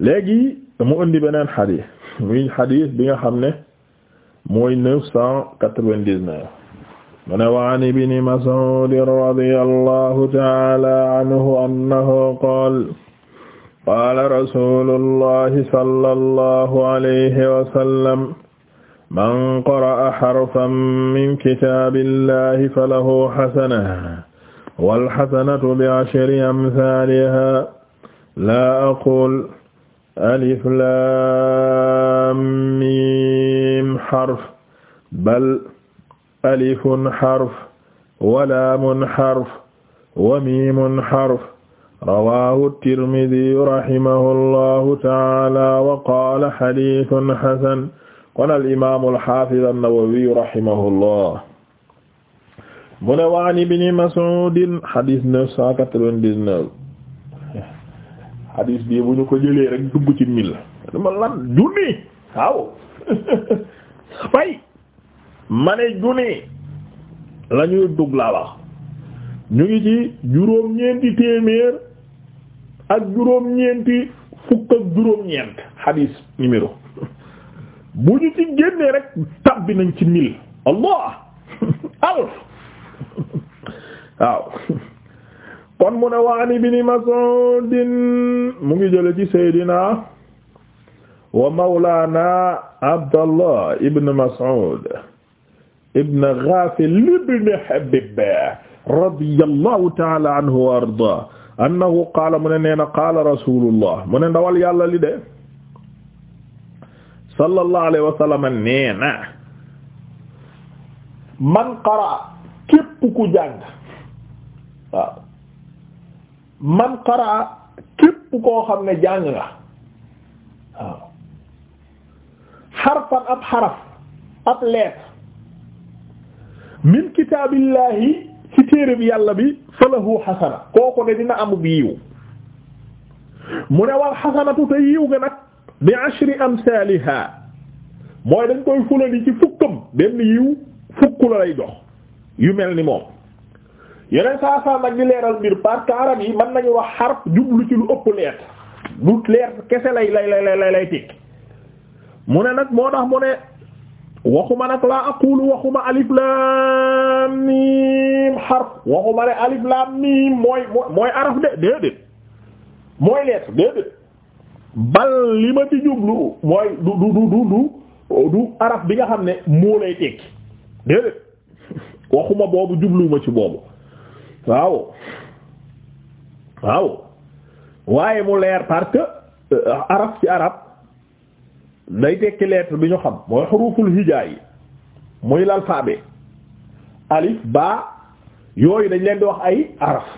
léegi mu indi beneen xadis muy xadis bi nga xam ne mooy neuf cent quatre-vingt-dix-neuf mu ne wa an ibni Mas'ud radiyallahu ta'ala anhu annahu qaala qaala rasulullahi sallallahu alayhi wa sallam man qara'a harfan min kitaabillahi falahu hasanatun wal hasanatu bi'ashri amsaalihaa laa aqul alif laam miim xarf bal alifun xarf walaamun xarf wa miimun xarf rawaahu tirmidi rahimahu allahu taala wa qaala xadiisun xasan kon al imaamul xaafiz an-nawawi rahimahu allah mu ne wa an ibni mas'uudin xadiis 999 hadis bii bu ñu ko jëlee rek dugg ci mil dama lan junni waaw fay ma ne junni la ñuy dugg laa wax ñu ngi ci juróom-ñeenti téeméer ak juróom-ñeenti fukk ak juróom-ñeent hadis numéro bu ñu ci génnee rek tabbi nañ ci mil allah alf waaw kon mu ne waan ibni Mas'ud mu ngi jële ci Seydina wa mawlaana Abdallah ibn Mas'ud ibn Ghafil ibn Habib radiyallahu ta'ala anhu wa ardaa annahu qaala mu ne nee na qaala rasulullah mu ne ndawal yàlla li de sallallahu alayhi wa sallam nee na man qara képp ku jàng waaw man qaraa képp koo xam ne jàng nga waaw xarfan ab xaraf ab lettre min kitaabillahi ci téere bi yàlla bi falahu xasana kooku ne dina amub yiw mu ne wal xasanatu te yiw nga nag bi ashri amsaaliha mooy dañ koy fulali ci fukkam benn yiw fukk la lay jox yu mel ni moom yeneen saa saa nag di leeral mbir parce que arab yi mën nañu wax xarf jublu ci lu ëpp leer bu leer kese lay lay lay lay lay mu ne nag moo tax mu ne waxuma nag laa aqulu waxuma alif laam miim xarf waxuma ne alif laam miim mooy mooy araf de déedéet mooy lettre déedéet bal li ma ci jublu mooy du du du du du araf bi nga xam ne moo lay tekki déedéet waxuma boobu jubluwuma ci boobu waaw waaw waaye mu leer parce que euh, arab ci arab day tekki lettre bi ñu xam mooy xuruful hijaa yi muy l'alphabet alif ba yooyu dañ leen di wax ay araf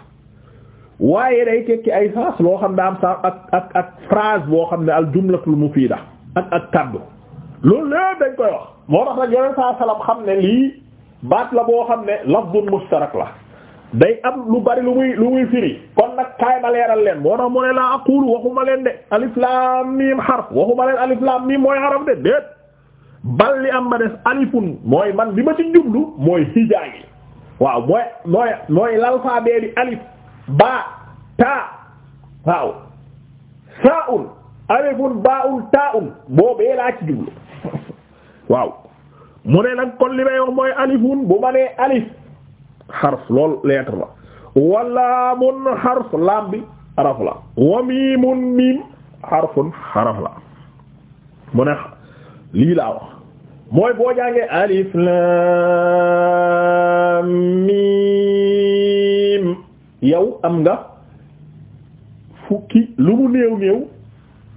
waaye day tekki ay sens loo xam ne am sens ak ak ak phrase boo xam ne al jumlatul mufida ak ak kaddu loolu lépp dañ koy wax moo tax nag yoneen saa xam ne lii baat la boo xam ne lafdun mustarak la day am lu bari lu muy lu muy firi kon nag kaay ma leen moo tax mu ne laa aqulu waxuma leen de alif laam miim xarf waxuma leen alif laam miim mooy xaraf de déet bal am ba des alifun mooy man li ma ci jublu mooy hijaa waaw mooy mooy mooy l'alphabet bi alif ba taa waaw saa'un alifun baa'un taa'un boobee laa ci jublu waaw mu ne nag kon li may wax mooy alifun bu ma nee alif xarf lool lettre la walaamun xarf laam bi la wa miimun miim xarfun xaraf la mu ne lii laa wax mooy boo jàngee alif laam miim yow am nga fukki lu mu néew néew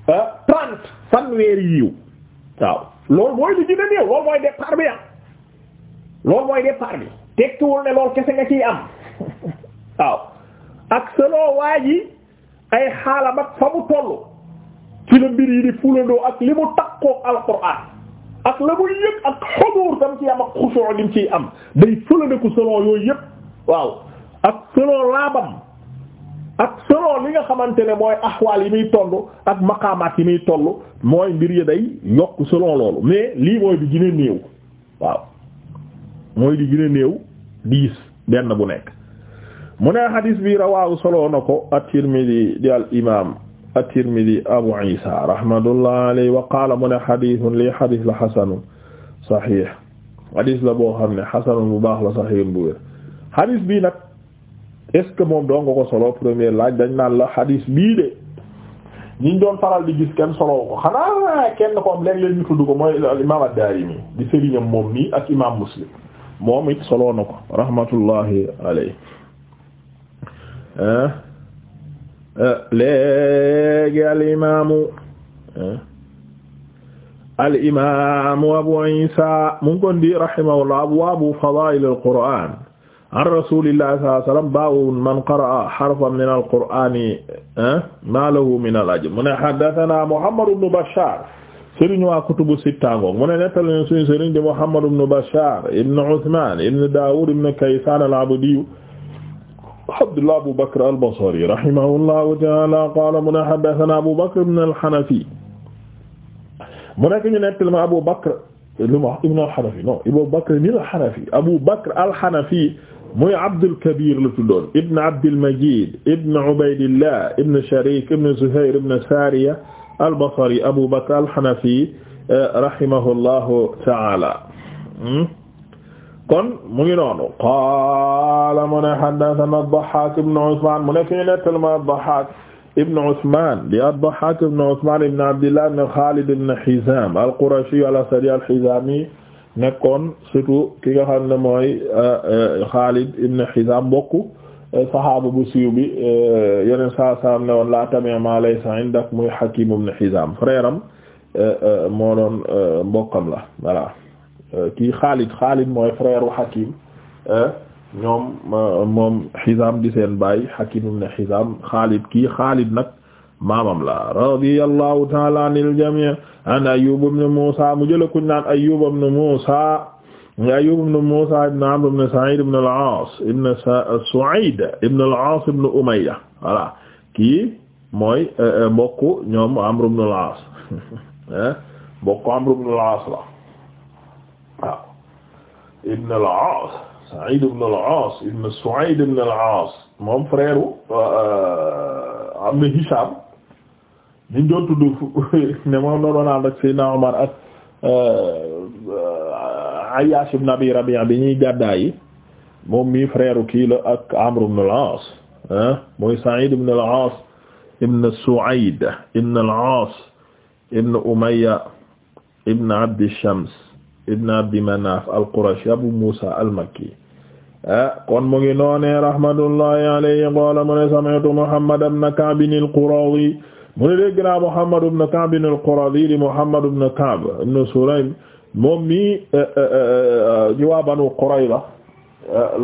ah, trente fanweeri yiw waaw loolu mooy li gën néew loolu mooy départ bi ah loolu mooy départ bi tekkiwul ne lool kese nga ciy am waaw ak selon waa ji ay xaalam ak fa mu toll ci la mbir yi di fulandoo ak li mu takkook alquran ak la muy yëg ak xuduur tam ci am ak xusoo lim ciy am day fulandeku selon yooyu yëpp waaw ak selon laabam ak selon li nga xamante ne mooy axwaal yi muy toll ak maqaamaat yi muy toll mooy mbir yi day yokk selon loolu mais lii mooy di gën a néew waaw mooy di gën néew dix benn bu nekk mu ne hadis bi rawaahu soloo na ko at-Tirmidhi di al imam at-Tirmidhi Abu Isa rahmatullah alayhi wa qaala mu ne li hadis la la boo xam ne hasanun bu baax la sahihun bu wér hadis bi nag est-ce moom doon ko solo premier laaj dañ naan la hadis bii de ñiñ doon faral di gis kenn solo ko xanaa kenn ko am léeg-léeg ñu tudd ko mooy al imam ad-Daarimi di sëriñam moom nii ak imam Muslim moom it soloo na ko rahmatullahi alayhi ah, ah, léegi al imaamu ah, al imaamu abu isa mu ngi kon di rahimahullah abwaabu fadaa'il al qur'aan an rasuulillahi sallallahu alayhi wa sallam baabun man qara'a harfan min al qur'aani maa lahu min al ajr mu ne haddathanaa muhammad ibn bashaar sëriñ waa kutubu sitta ngoog mu ne nettali na suñu sëriñ di Muhammad ibn Bashar ibn Uthman ibn Dawud ibn Kaysan al-Abdi Abdullah Abu Bakr al-Basri rahimahullahu ta'ala qala mu ne haddathana Abu Bakr ibn al-Hanafi mu nekk ñu nettali ma Abu Bakr lu ma ibn al-Hanafi non Abu Bakr ni al-Hanafi Abu Bakr al-Hanafi muy Abdul Kabir la tuddoon ibn Abdil Majid ibn Ubaydillah ibn Sharik ibn Zuhair ibn Sariya al-Basri Abu Bakr al-Hanafi eh, rahimahullahu ta'ala hmm? kon mu ngi noonu qaala mu ne haddathana ad-Dahhak ibn Usman mu ne fi nettal ma ad-Dahhak ibn Usman di ad-Dahhak ibn Usman ibn Abdillah ibn Khalid ibn Hizam al-Qurashi al-Asadi al-Hizami nekkoon surtout ki nga xam ne mooy Khalid eh, eh, ibn Hizam bokk saxaaba bu siiw bi yeneen saa saa ne woon laa tamee maa laysa indak muy Hakim ibn Hizam frère am eh, eh, moo doon eh, la voilà kii Xaalid Xaalid mooy frère u Hakim ñoom Hizam di seen baay Hakim ibn Hizam Xaalid kii Xaalid nag maamam la radiyallahu ta'ala anil jami' an Ayyub ibn Musa mu jël ku naan Ayyub ibn Musa Ayyub ibn Musa ibn Amr ibn Sa'id ibn al-As ibn Su'ayd ibn al-As ibn Umayya voilà kii mooy eh, eh, mbokku ñoom Amr ibn al-As eh, mbokku Amr ibn al-As la waaw ibn al-As Sa'id ibn al-As ibn Su'ayd ibn al-As moom frère am Hisham ñu doon ne moom la doon ànd ak Seydina ak Ayyaash ibn Abi Rabi'a bi ñuy gàddaa yi moom mii frère kii la ak Amr ibn al-Aas ah mooy Sa'id ibn al-Aas ibn Su'ayd ibn al-Aas ibn Umayya ibn Abdi Shams ibn Abdi Manaf al-Qurashi Abu Musa al-Makki eh, kon mu ngi noonee rahmatullahi alayhi qala mu ne sami'tu Muhammad ibn Ka'b al-Quradi mu ne dégg naa Muhammad ibn Ka'b al-Quradi di Muhammad ibn Ka'b ibn Sulaym moom mii euh, euh, euh, ñu waa la Qurayza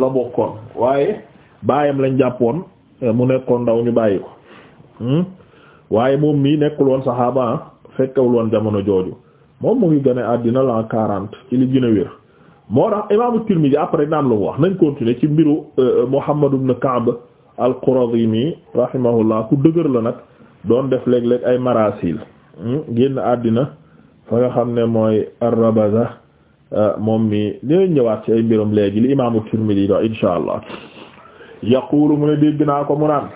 la bokkoon waaye baayam lañ jàppoon mu nekkoon ndaw ñu bàyyi ko hmm? waaye moom mii nekkul woon saxaaba ah, fekkewul woon jamono jooju moom mu ngi gën àddina la quarante ci li gën a wér moo tax imaamu Tirmidhi après naan lu mu wax nañ continuer ci mbiru Muhammad ibn Ka'b al-Quradhimi rahimahullah ku dëgër la nag doon def léeg-léeg ay marasil hmm? génn àddina fa nga xam ne mooy ar-Rabaza ah, moom mi dinañ ñëwaat ci ay mbiram léegi li imaamu Tirmidhi do insha allah yaqulu mu ne dégg naa ko mu naan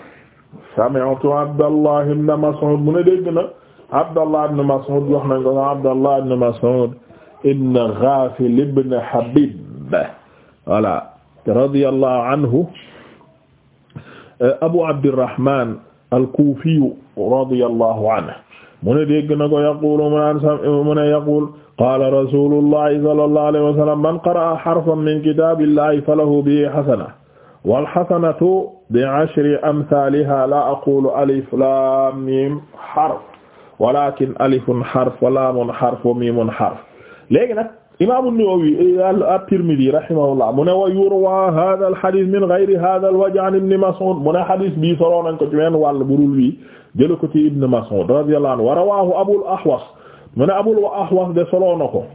sami'tu Abdallah ibn Mas'ud mu ne dégg na Abdallah ibn Mas'ud wax nañ ko Abdallah ibn Mas'ud ibn Ghafil ibn Habib voilà radiyallahu anhu Abu Abdirrahman al-Kufi radiyallahu anhu mu ne dégg na ko yaqulu mu naan mu ne yaqul qaala rasulullahi sallallahu alayhi wa sallam man qara'a harfan min kitabillahi falahu bihi hasana wal hasanatu bi ashri amthaliha la aqulu alif lam mim harf walakin alifun harf wa lamun harf wa mimun harf léegi nag imaamu Nawawi euh, at-Tirmidhi rahimahullah mu ne wa yurwa hadha al-hadith min ghayri hadha al-wajh an Ibn Mas'ud mu ne hadith bii soroo nañ ko ci benn wàll bu dul wi jël ko ci Ibn Mas'ud radiyallahu anhu wa rawahu Abul Ahwas mu ne Abul Ahwas de soroo na ko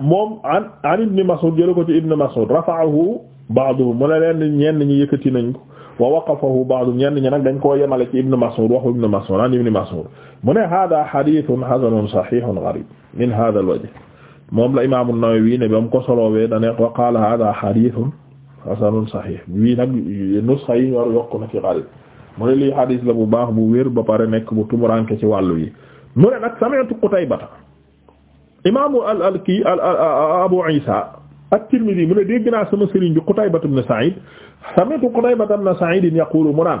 moom an an Ibn Mas'ud jël ko ci Ibn Mas'ud rafa'ahu ba'duhum mu ne leen ñenn ñi yëkkati nañ ko wa waqafahu ba'du ñenn ñi nag dañ koo yemale ci Ibn Mas'ud waxu Ibn Mas'ud an Ibn Mas'ud mu ne hada hadithun hasanun sahihun gharib min hada al-wajh moom la imaamu Nawawi ne ba mu ko solowee da ne wa qaala hada hadithun hasanun sahih bii nag nusxa yi ñor yokk na ci gharib mu ne lii hadis la bu baax bu wér ba pare nekk bu tumuranke ci wàllu yi mu ne nag sami'tu Qutaybata imaamu al al kii al Abu Isa at-Tirmidhi mu ne dégg naa sama sëriñ bi Qutaybata ibn Sa'id sami'tu Qutaybata ibn Sa'id yaqulu mu naan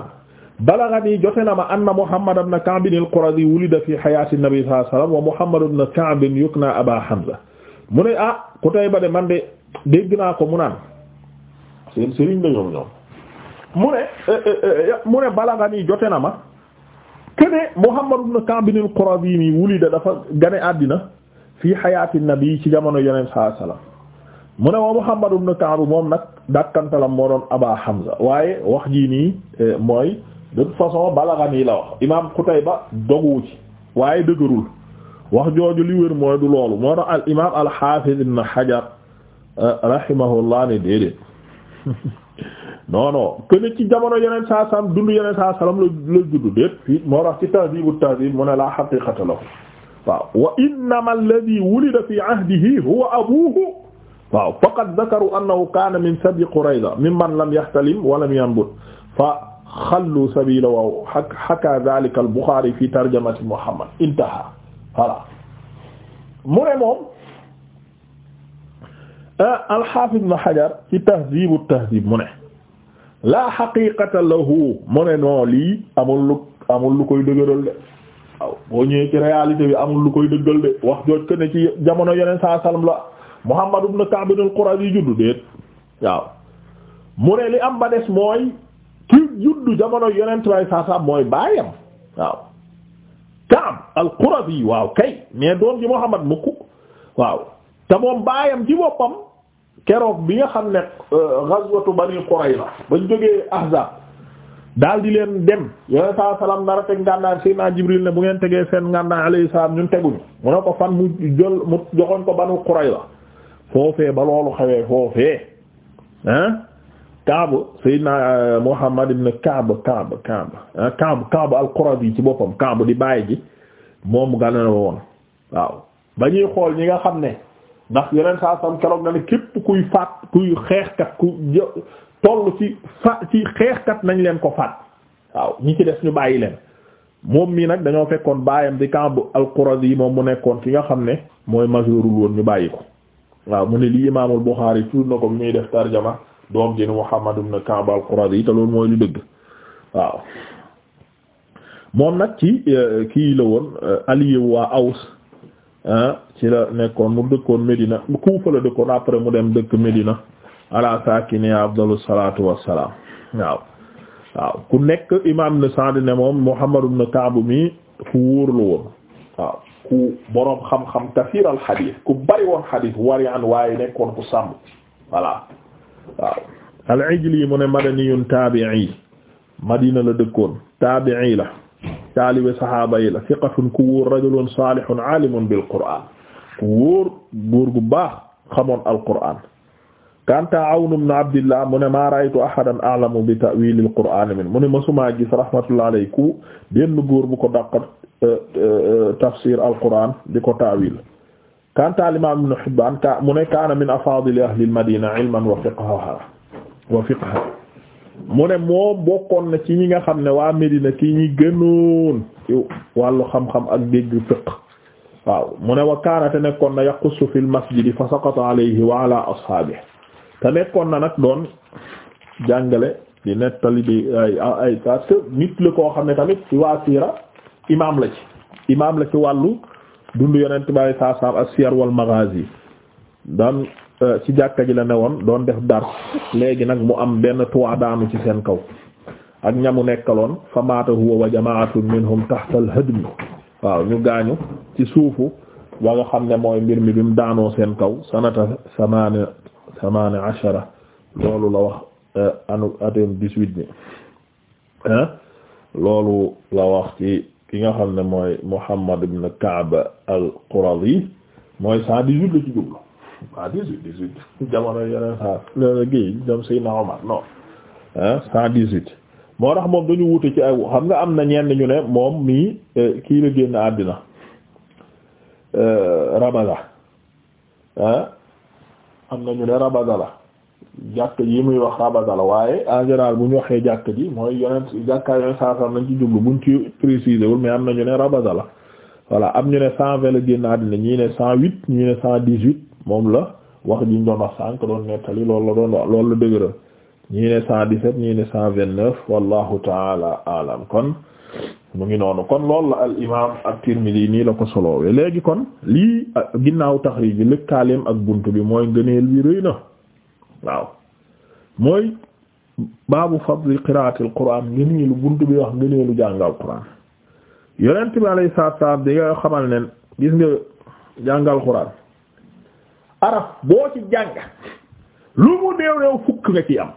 balaghani jote na ma anna Muhammad na Ka'b al-Qurazi wulida fi hayaati nabi sallallahu alayhi wasallam wa Muhammad ibn Ka'b yukna Aba Hamza mu ne ah Qutayba de man de dégg naa ko mu naan seen sëriñ la ñoom ñoom mu ne eh, eh, eh, mu ne balaghani jote na ma kene Muhammad ibn Ka'b al-Qurazi nii wulida dafa gane àddina fi hayaati nabi ci jamono yonent sallallahu alayhi wasallam mu ne wa Muhammad na Ka'b moom nag dàkkantalam moo doon Aba Hamza waaye wax jii nii mooy de toute façon balaxanii la wax imaam Qutayba doguwu ci waaye dëgërul wax jooju li wér mooy du loolu moo tax al imaam al xaafiz ibn Hajar euh, rahimahullah ne déedéet non non kene ci jamono yeneen saa salam dund yeneen saa salam la la judd déet fii moo tax ci tahdibu tahdib mu ne la xaqiqata lahu waaw wa innama alladi wulida fi ahdihi huwa abuhu waaw faqad dakaru annahu kaana min sabi Qurayza mimman lam yahtalim wa lam yanbut fa xallu sabila waaw ak haka zalika al Bukhari fi tarjamati Muhammad intaha voilà mu ne moom ah, al-Hafiz Hajar ci Tahdhib at mu ne la haqiqata lahu mu ne non lii amul lu amul lu koy dëgëral de waaw boo ñëwee ci réalité bi amul lu koy dëggal de wax jooj ko ne ci jamono yeneen saa salam la Muhammad ibn Ka'b al-Qurazi juddu déet waaw mu ne li am ba des mooy juddu jamono yonent a saasaam mooy baayam waaw Kaab al-Qurazi waaw kay mais doom ji Muhammad mukk waaw te baayam ci boppam keroog bi nga xam ne euh, ghazwatu Bani Qurayza bañ jógee Ahzab daal di leen dem yonent saa salaam nar a teg ngànnaay Seydina Jibril ne bu ngeen tegee seen ngànnaay alayhi salaam ñun teguñu mu ne ko fan mu jël mu joxoon ko Banu Qurayza foofee ba loolu xewee foofee hein Kaab na euh, Muhammad ibn Kaab Kaab Kaab ah, Kaab Kaab al-Quradi ci boppam Kaab di bàyyi ji moom gane na woon waaw ba ñuy xool ñi nga xam ne ndax yeneen saa sam keroog na ne képp kuy faat kuy xeexkat ku toll ci fa ci xeexkat nañ leen ko faat waaw ñi ci des ñu bàyyi leen moom mii nag dañoo fekkoon baayam di Kaab al-Quradi yi moom mu nekkoon ki nga xam ne mooy majeurul woon ñu bàyyi ko waaw mu ne lii Imaamul Buxaari tuur na ko bi ñuy def tarjama doom ji ni Muhammad ibn Ka'b al-Quradi te loolu mooy lu dëgg waaw moom nag ci euh, kii la woon euh, allié waa Aws ci la nekkoon mu dëkkoon Medina Kufa la dëkkoon après mu dem dëkk Medina ala saakini afdalu salaatu wassalaam waaw waaw ku nekk imaam Ibn Sa'd ne moom Muhammad ibn Ka'b mi ku wóor la woon waaw ku boroom xam-xam kasiiral xadiis ku bari woon xadiis wari an waaye nekkoon ku sàmm voilà waaw al-Ijli mu ne madaniyun taabi'i madina la dëkkoon taabi'i la taalibe saxaaba yi la thiqatun ku wóor rajulun salihun alimun bil qur'an ku wóor góor gu baax xamoon al-qur'an kanta Awn ibn Abdillah mu ne ma ra'aytu ahadan a'lamu bi ta'wil al-qur'an min mu ne masumaa gis rahmatullahi alayhi ku benn góor bu ko dàqat euh, euh, euh, tafsir al-qur'an di ko taawil kanta al-imam Ibn Hibban mu ne kaana min afaadili ahli al-Madina ilman wa mu ne moo bokkoon na ci ñi nga xam ne waa Medina ki ñi gënoon ci wàllu xam-xam ak dégg fiqh waaw mu ne wa kaana te nekkoon na yaqussu fil masjidi fa saqata alayhi wa ala ashaabihi te nekkoon na nag doon jàngale di nettali bi ay ay nit la koo xam ne tamit ci waa siira imaam la ci imaam la ci wàllu dund yonent bi saa saam as-siyar wal maghazi daan eh, ci jàkka ji la ne woon doon def dar léegi nag mu am benn toit daanu ci seen kaw ak ñamu nekkaloon fa maata huwa wa jama'atun minhum tahta al-hadm waaw ñu gaañu ci suufu wa nga xam ne mooy mbir mi bi mu daanoo seen kaw sanata samana samana ashara loolu la wax eh, anu atem dix-huit ni eh? loolu la wax ci ki nga xam ne mooy Muhammad ibn Ka'b al-Quradi mooy cent dix-huit la ci jublu cent ah, dix-huit dix-huit jamono yeneen saa leen géey ñoom Seydina Omar non ah cent dix moo tax moom dañu wute ci ay xam nga am na ñenn ñu ne moom mii eh, kii la génn àddina eh, Rabaza ah am na ñu ne Rabaza la jàkk ji muy wax la waaye en bu ñu waxee jàkk ji mooy yonent jàkkaay yonent saa saa nañ ci jublu buñ ci préciser wul mais am na ñu ne la voilà am ñu ne cent vingt la génn àddina ñii ne cent huit ñii ne cent dix huit moom la wax ji ñu doon wax sànq doon nettali lool la doon wax loolu la dëgëral ñii ne cent dix sept ñii ne cent vingt neuf wallahu taala alam kon mu ngi noonu kon loolu la al imaam at-Tirmidhi nii la ko soloowe léegi kon lii ginnaaw taxriij bi lëkkaaleem ak bunt bi mooy ngëneel bi waaw mooy baabu fadli qiraatil quraan ngëneelu buntu bi wax ngëneelu jàngal quraan yonent bi alayhi salaatu salaam di nga xamal ne gis nga jàngal quraan araf boo ci jàng lu mu néew néew fukk nga ci am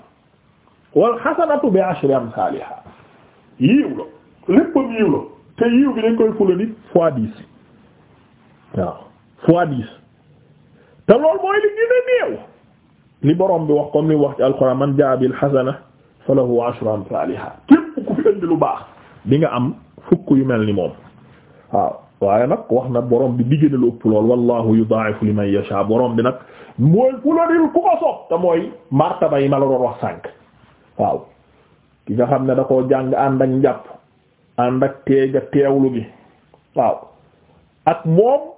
wal xasanatu bi ashri amsaaliha yiiw la léppam yiiw la te yiiw bi dañ koy fula di fois dix waaw fois dix te loolu mooy li gën a li borom bi wax comme li wax ci alquran man jaa bil hasana falahu ashru amsalha képp ku fi indi lu baax bi nga am fukk yu mel ni moom waaw waaye nag wax na borom bi digg na lu ëpp lool wallahu yudaa'ifu liman yasha borom bi nag mooy ku la ku ko soob te mooy martaba yi ma la doon wax sànq waaw ki nga xam ne da koo jàng ànd ak njàpp ànd ak teega teewlu gi waaw ak moom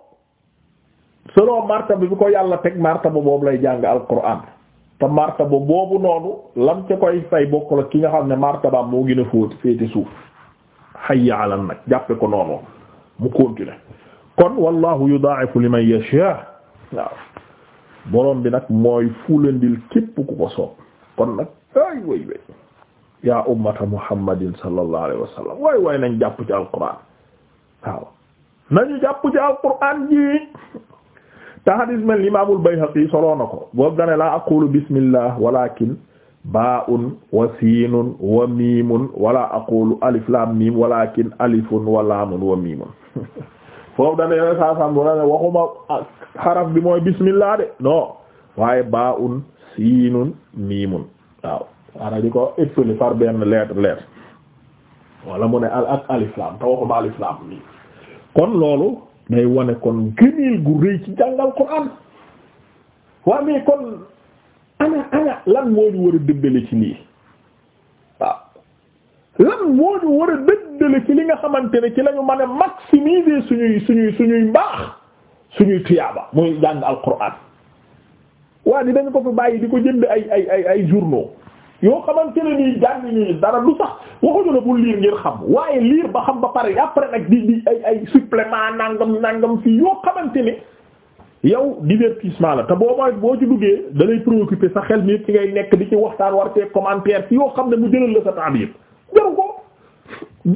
selon martaba bi ko yàlla teg martaba boobu lay jàng alquran te martaba boobu noonu lam ca koy fay bokk ki nga xam ne martabaam moo gën a fóoti féete suuf hayya ala nag jàppe ko noonu mu continuer kon wallahu yudaa'ifu liman yasha waaw borom bi nag mooy fulandil képp ku ko soob kon nag ay way way yaa ummata muhammadin sallallahu alayhi wa sallam way way nañ jàpp ci alquran waaw te xadis mel imaamul Bayhaqi soloo na ko boobu dane aqulu bismillah walakin baa'un wa siinun wa miimun wala aqulu alif miim walakin alifun wa laamun wa miimun foofu dane yone saa ne waxuma xaraf bi mooy bismillah de non waaye baa'un siinun miimun waaw waana di ko ëppali benn lettre lettre wala mu ne ak alif laam waxuma alif miim kon loolu day wane kon gëneel gu rëy ci jàngal Qur'an waa mais kon ana ana lan moo ñu war a dëddale ci lii lan moo ñu war a dëddale ci li nga xamante ne ci la ñu mën a maximiser suñuy suñuy suñuy mbaax suñuy tuyaaba muy jàng al Qur'an waa di dañ ko fi bàyyi di ko jënd ay ay ay ay journaux yoo xamante ne nii jàng ñu dara lu sax waxuñu la bu liir ngir xam waaye liir ba xam ba pare après nag di di ay ay supplément nangam nangam fii yoo xamante ne yow divertissement la te boo boo ci duggee da lay préoccuper sa xel nit ci ngay nekk di ci waxtaan war cee commentaire fii yoo xam ne mu jëlal la sa temps bi yëpp jaru ko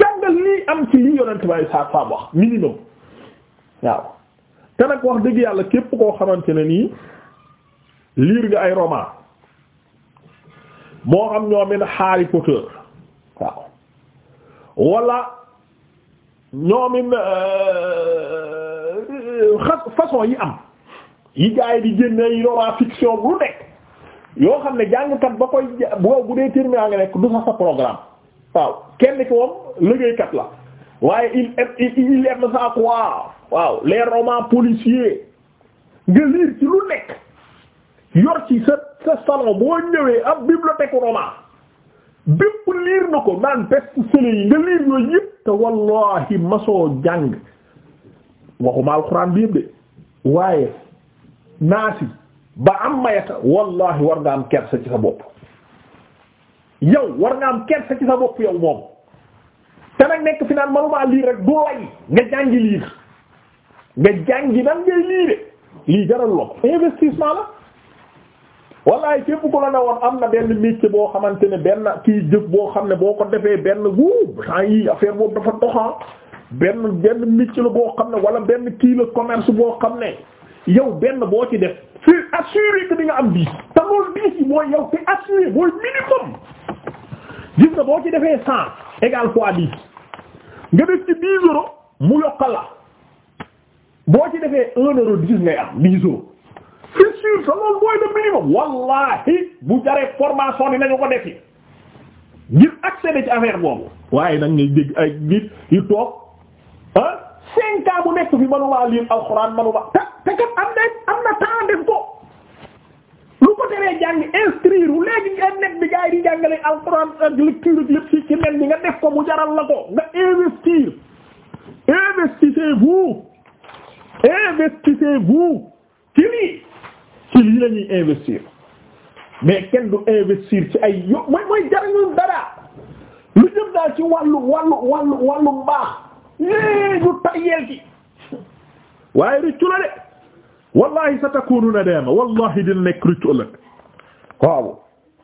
jàngal lii am ci lii yonent bay sa fam wax minimum waaw te nag wax dëgg yàlla képp koo xamante ne nii liir nga ay roma moo xam ñoomin Harry Potter waaw wala ñoomin euh, façon yi am yi gars yi di génne yi roman fiction lu nekk yoo xam ne jàngkat ba koy boobu bu dee terminal nga nekk du sax sa programme waaw kenn ki moom liggéeykat la waaye il il il aime ça quoi waaw les romans policiers nga lire ci lu nekk yor ci sa sa salon boo ñëwee ab bibliothèque roman bépp liir na ko naan best-seller yi nga liir yooyu yëpp te wallahi masoo jàng waxuma alxuraan bi yëpp de waaye naasi ba am mayata wallahi war nga am kersa ci sa bopp yow war nga am kersa ci sa bopp yow moom te nag nekk fi naan manumaa liir rek du nga jàngi liir nga jàngi nan ngay liire lii jaral lool investissement la wallaay képp ko la ne woon am na benn métier boo xamante ne benn kii jëf boo xam ne boo ko defee benn wuu temps yi affaire boobu dafa doxaa benn benn métier la boo xam ne wala benn kii la commerce boo xam ne yow benn boo ci def c'est assuré que di nga am diis te loolu diis yi mooy yow c'est assuré mooy minimum gis nga boo ci defee cent égal fois dix nga def ci dix mu yokkal la boo ci defee un euro dix ngay am dix c'est sûr sa loolu mooy le minimum wallahi bu jaree formation bi nañu ko defi ngir accéder ci affaire boobu waaye nag ngay dégg ay nit toog ah cinq bu nekk fi manumaa lire alxuraan manumaa te te kat am na am na temps def ko lu ko teree jàng instruire wu léegi nga nekk bi gars yi di jàngale alxuraan ak lecture lépp ci ci nen bi nga def ko mu jaral la ko nga investir investissez-vous investissez lii lii la ñuy investir mais kenn du investir ci ay yo mooy mooy jariñu dara lu jëm daal ci wàllu wàllu wàllu wàllu mbaax yée ñu tayyeel ci waaye rëccu la de wallahi sa takunu nadama wallahi dina nekk rëccu ëllëg waaw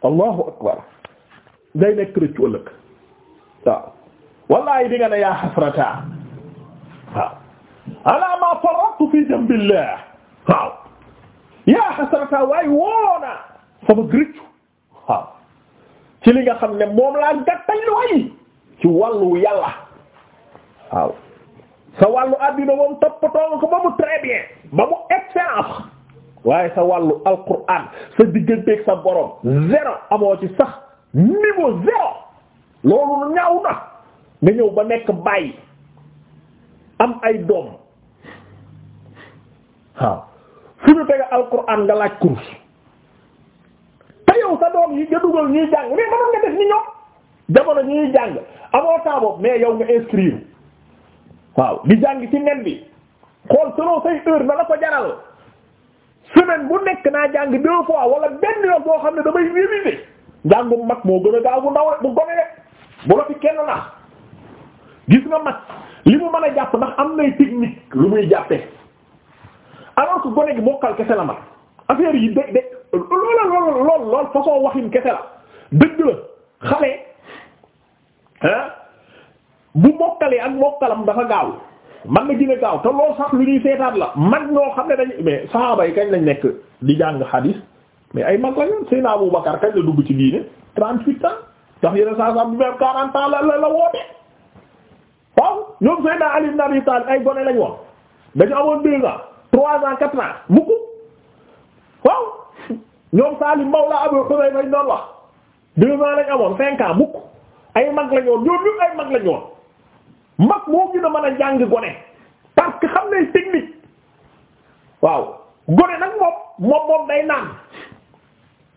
allahu akbar day nekk rëccu ëllëg waaw wallahi di nga ne yaa xasrata waaw ala ma farratu fi jambillah waaw yaa xasarata waaye woona sama gërëccu waaw ci li nga xam ne moom laa gàttal way ci wàllu yàlla waaw sa wàllu àddina moom toppatoo ko ba mu très ba mu excellence waaye sa wàllu alquran sa digganteeg sa borom zéro amoo ci sax niveau zéro loolu ñaaw na nga ñëw ba nekk bàyyi am ay doom waaw fi ñu tega alquran nga laaj kurus te yow sa doom yi nga dugal ñuy jàng mais mënoon nga def ni ñoom jamono ñuy jàng amoo temps boobu mais yow nga inscrire waaw di jàng ci nen bi xool selon say heure na la ko jaral semaine bu nekk naa jàng deux fois wala benn yoon boo xam ne damay réviser njàngum mag moo gën a gaaw bu ndaw bu gone rek bu la fi kenn na gis nga mag li mu mën a jàpp ndax am nay technique lu muy jàppee. alors que gone gi mokkal kese la man affaire yi de de loola lool lool lool façon waxin kese la dëgg la xale ah bu mokkalee ak mokkalam dafa gaaw man na gën a gaaw te lool sax lu ñuy seetaat la mag ñoo xam ne dañu mais saxaaba yi kañ lañ nekk di jàng xadiis mais ay mag lañu Seydina Abu kañ la dugg ci diine trente-huit ans ndax yeneen saa saa bu même quarante ans la la woote waaw ñoom Seydina Ali ibn Abi Talib ay gone lañ woon dañu amoon deux ans trois ans quatre ans mukk waaw ñoom Salim Mawla Abu amoon cinq mukk ay mag la ñoon ñoom ay mag la ñoon mag moo gën a mën a jàng gone parce que xam nañ technique waaw gone nag moom moom moom day naan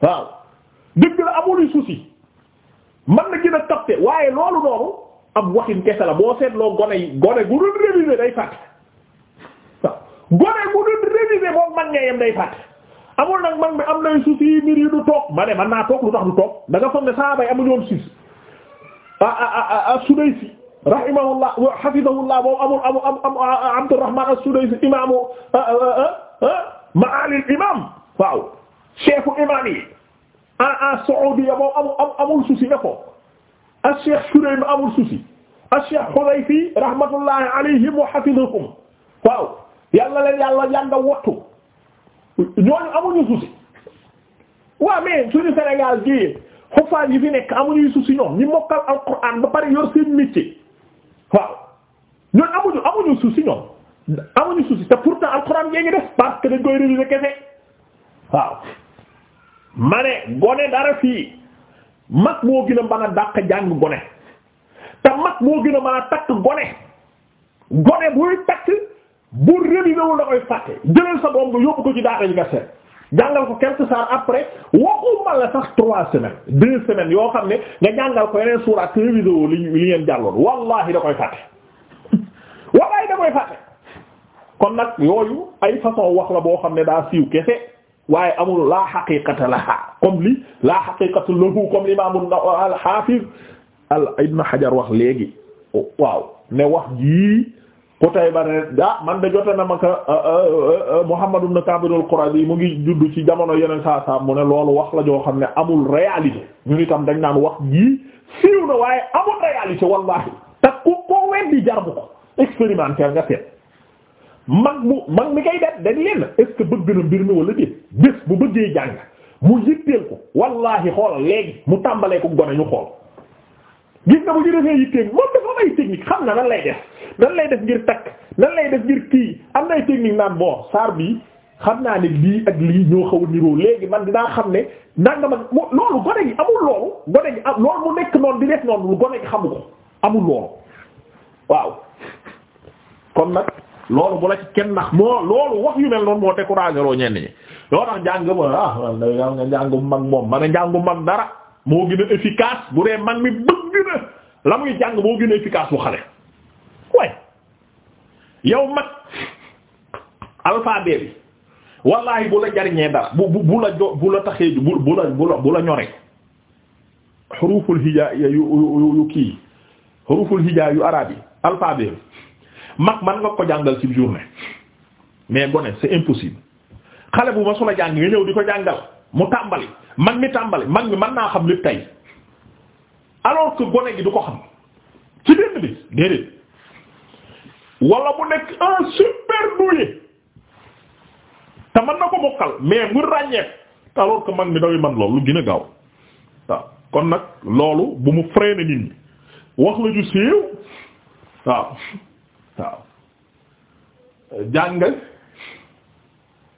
waaw dëgg la amul souci mën na gën a capter waaye loolu noonu ab waxin kese la boo seetloo gone yi gone gu doon réviser day fàtte. gone bu dul révisé moom mag ñee yem day fàtte amul nag mag mi am nay soucis mbir yi du toog ma ne man naa toog lu tax du toog da nga foog ne saabay amuñu woon siis a as-Sudaysi rahimahullah wa hafidahullah boobu amul amul am Abdurrahman as-Sudaysi imaamu ma'ali al-imam waaw chefu imam yi en en Saoudia boobu amul amul souci ne ko as-Cheikh Shureym amul souci as-Cheikh Hudayfi rahmatullahi alayhim wa hafidahum waaw. yàlla leen yàlla yàgga wottu ñooñu amuñu souci waaw mais suñu Sénégal gi xufaat yi fi nekk amuñuy souci ñoom ñi mokkal alquran ba pare yor seen métier waaw ñooñu amuñu amuñu souci ñoom amuñu souci te pourtant alquran gee ngi def parce que dañ koy réviser kese waaw ma ne gone dara fii mag moo gën a mën a dàq jàng gone te mag moo gën a mën takk gone gone buy takk bu révisé wul da koy fàtte jëlal sa doom bi yóbbu ko ci daara ji nga seet jàngal ko quelques heures après waxuma la sax trois semaines deux semaines yoo xam ne nga jàngal ko yeneen suuraat te révisé woo li li ngeen jàlloon wallahi da koy fàtte wallahi da koy fàtte kon nag yooyu ay façon wax la boo xam ne daa siiw kese waaye amul la xaqiqata laha comme li la xaqiqatu lahu comme l'imam al-hafiz al ibn hajar wax léegi waaw ne wax Qutayba ne ah man de jote na ma ka Muhammad na Ka'b al-Qurazi mu ngi judd ci jamono yeneen saa saa mu ne loolu wax la joo xam ne amul réalité ñun itam dañ naan wax yii siiw na waaye amul réalité wallahi te ku ko weddi jar bu ko expérimenter nga seet mag mu mag mi koy def dañ leen est-ce bëgg na mbir mi wala déet bés bu bëggee jàng mu yitteel ko wallahi xoolal léegi mu tàmbalee ku gone ñu xool gis nga bu ñu defee yitteel moom dafa nan lay def ngir takk nan lay def ngir kii am nay technique naan bon saar bi xam naa ne lii ak lii ñoo xaw a niroo léegi man dinaa xam ne nangam ak loolu gone gi amul loolu gone gi mu nekk noonu di def noonu lu gone xamu ko amul loolu waaw kon nag loolu kenn nax moo wax yu mel noonu moo découragé loo ñenn ñi yoo tax njàng ma ah man nga njàngu mag moom man a njàngu mag dara moo gën a efficace bu dee mag mi bëgg na la muy jàng moo gën a efficace bu xale yow mag alphabet bi wallaahi bu la jariñee dara bu bu bu la jo bu la taxee bu bu la bu la bu la ñoree xuruful hijaa yu yu yu kii xuruful hijaa yu araab yi alphabet mag man nga ko jàngal ci journée mais gone c'est impossible xale bu ma su la jàng nga ñëw di ko jàngal mu tàmbali man mi tàmbali mag mi man naa xam lépp tey alors que gone gi du ko xam ci benn bi déedéet. wala mu nekk un super doué te mën na ko mokkal mais mu ràññeek alors que man mi dawee man loolu lu gën gaaw waaw kon nag loolu bu mu freiné nit ñi wax la siiw waaw waaw jàng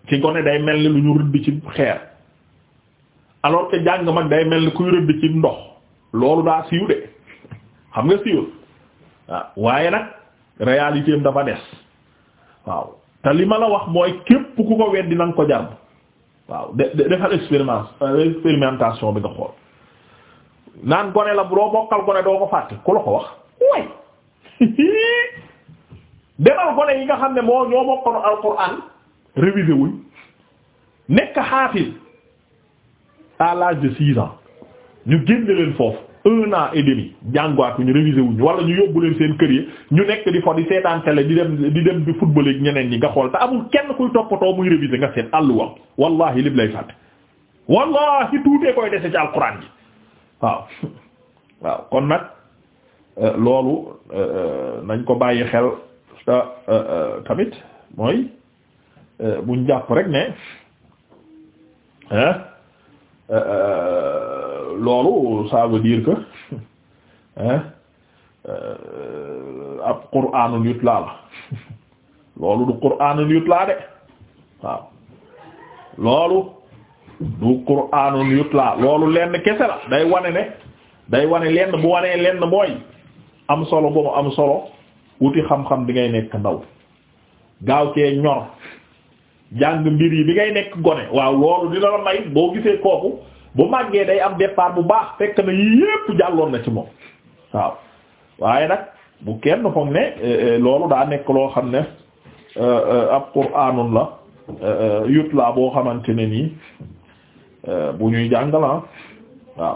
ci gone day mel ni lu ñu rëdd ci xeer alors que jàng mag day mel ni kuy rëdd ci ndox loolu daa siiw de xam nga siiwul waaw waaye nag réalité am dafa des waaw te li ma la wax mooy képp ku ko weddi na ko jàpp waaw de defal euh, expérimentation bi nga xool naan gone la boo bokkal gone doo ko fàtte ku la ko wax way demal gone yi nga xam ne moo ñoo bokkanu alquran révisé wuñ nekk xaafil à l'âge de six ans ñu génne leen foofu un an et demi jàngaatuñu révisé wuñu wala ñu yóbbu seen kër yi ñu nekk di fo di seetaan télé di dem di dem di football ñeneen ñi nga xool te amul kenn kuy toppatoo muy révisé nga seet àlluwam wallahi lim lay fàtte wallahi tuutee koy dese ci alquran ji waaw kon nag euh, loolu euh, euh, nañ ko bàyyi xel tamit mooy buñ jàpp rek ne loolu ça veut dire que hein euh, ab qur'aanul yutlaa la loolu du qur'aanul yutlaa de waaw loolu du qur'aanul yutlaa loolu lenn kese la day wane ne day wane lenn bu wanee lenn mooy am solo boobu am solo wuti xam-xam bi ngay nekk ndaw gaaw cee ñor jàng mbir yi bi ngay nekk gone waaw loolu dina la may boo gisee kooku bu màggee day am départ bu baax fekk na yépp jàlloon na ci moom waaw waaye nag bu kenn foog ne eh, eh, loolu daa nekk loo xam ne eh, ab quraanun la yut laa boo xamante ne nii bu ñuy jàngalan ah, waaw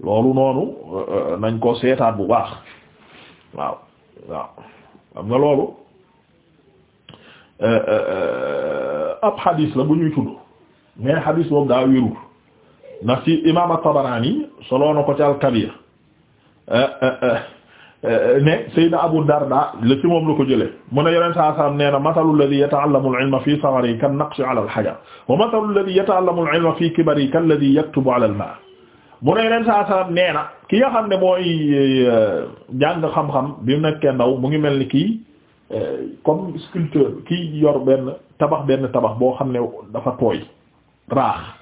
loolu noonu nañ ko seetaat bu baax waaw waaw xam nga loolu ab xadiis la bu ñuy tudd mais xadiis boobu daa wérul ndax ci imaam at-Tabarani soloo na ko ci al-Kabir eh, eh, eh, ne Seydina Abu Darda la ci moom la ko jëlee mu ne yeneen saa saam nee na masalu alladhi yata'allamu al-ilma fi sagharihi kan-naqshi 'ala al-hajar wa masalu alladhi yata'allamu al-ilma fi kibarihi kalladhi yaktubu 'ala al-ma' mu ne yeneen saa saam nee na ki nga xam ne mooy jàng xam-xam bi mu nekkee ndaw mu ngi mel ni kii comme sculpteur kii yor benn tabax benn tabax boo xam ne dafa tooy raax.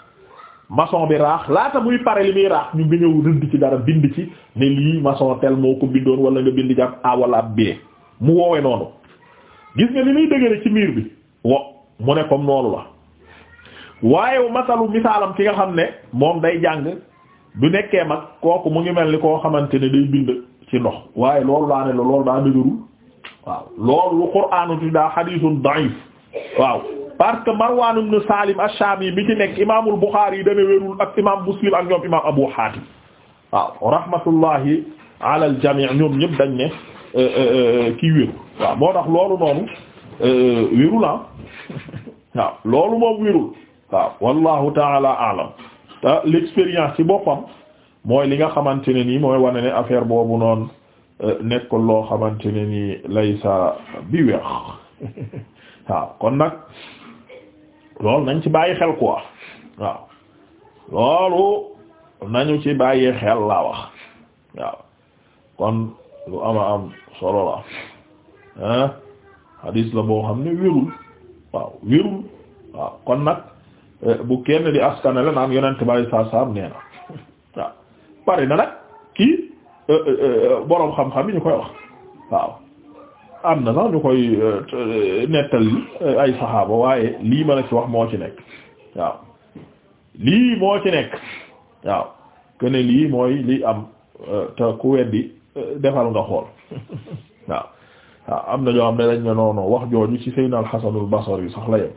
mason bi raax laata muy pare li muy raax ñu nga ñëw ci dara bind ci ne lii maçon tel moo ko bindoon wala nga bind ci ab A wala ab B mu woowe noonu gis nga li muy dëgëre ci miir bi wo mu ne comme noonu la waaye masalu misaalam ki nga xam ne moom day jàng du nekkee mag kooku mu ngi mel ni koo xamante ne day bind ci ndox waaye loolu laa ne la loolu daa dëgërul waaw loolu lu qur'aanu daa xadiisun da'if waaw parce que Marwan ibn Salim ash-Shami bi ci nekk imaamul Bukhari yi dana wérul ak imaam Muslim ak ñoom imaam Abu Hatim waaw rahmatullahi ala al ñoom ñëpp dañ ne euh, euh, euh, kii wéru waaw moo tax loolu noonu wérul ah. waaw loolu moom wérul waaw wallahu taala alam te l'expérience ci boppam mooy li nga xamante ne nii mooy wane ne affaire boobu noonu nekkul loo xamante ne nii laysa bi weex waaw kon nag loolu nañ ci bàyyi xel ko quoi waaw loolu nañu ci bàyyi xel laa wax waaw kon lu ama am solo la ah hadis la boo xam ne wérul waaw wérul waaw kon nag eh, bu kenn di askanale naan yonent bàyyi saa saam nee na waaw bari na nag kii eh, eh, boroom xam-xam yi ñu koy wax waaw am na sax ñu koy euh, euh, nettali euh, ay saxaaba waaye lii ma la ci wax moo ci nekk waaw lii moo ci nekk waaw kene lii mooy lii am te ku weddi defal nga xool waaw waaw am na ñoo xam ne dañ ne noonu wax jooju ci Seydina al-Hasanul Basri sax la yem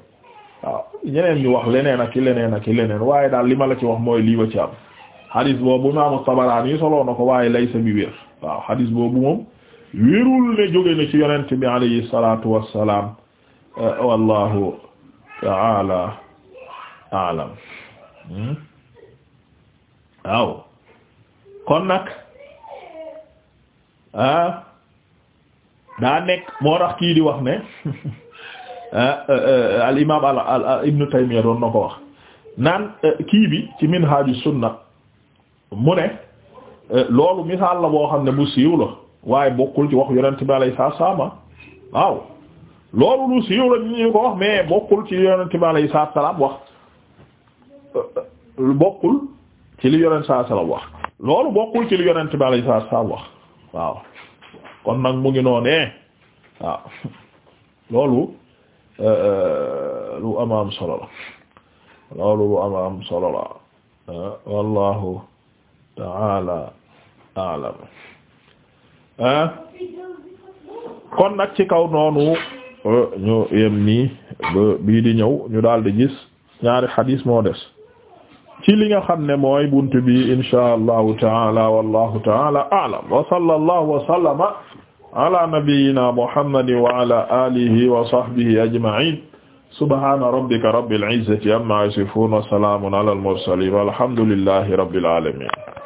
waaw ñeneen ñu wax leneen ak leneen ak leneen waaye daal li ma la ci wax mooy lii wa ci am xadis boobu imaamu Tabaraani yi soloo na ko waaye laysa bi wér waaw xadis boobu moom wérul ne jóge na ci yonent bi alayhi salatu wassalam eh, wallahu taala alam hmm? waaw kon nag ah daa nekk moo tax kii di wax ne ah, eh, eh, al imam al ibnu Taymiyya doon na ko wax naan kii bi ci minhaju sunna mu ne loolu misaal la boo xam ne bu siiw la waaye bokkul ci wax yonent bi alayhi salaatu salaam waaw loolu lu siiw la ñu ko bokkul ci yonent bi alayhi salaatu salaam wax euh, bokkul li yonent saa salaam loolu bokkul ci li yonent bi alayhi salaatu salaam wax waaw kon nag mu ngi noonee waaw loolu euh, euh, lu ama am solo la loolu lu ama am solo la wallahu ta'ala a'lam ah kon nag ci kaw noonu euh, ñu yem nii ba bii di ñëw ñu daal di gis ñaari xadiis moo des ci li nga xam ne mooy bunt bi insha allahu taala wallahu taala a'lam wa sallallahu wa sallama ala nabiyyina muhammadin wa ala alihi wa sahbihi ajma'in subhana rabbika rabbil izzati amma yasifun wa salamun ala al mursalin walhamdulillahi rabbil alamin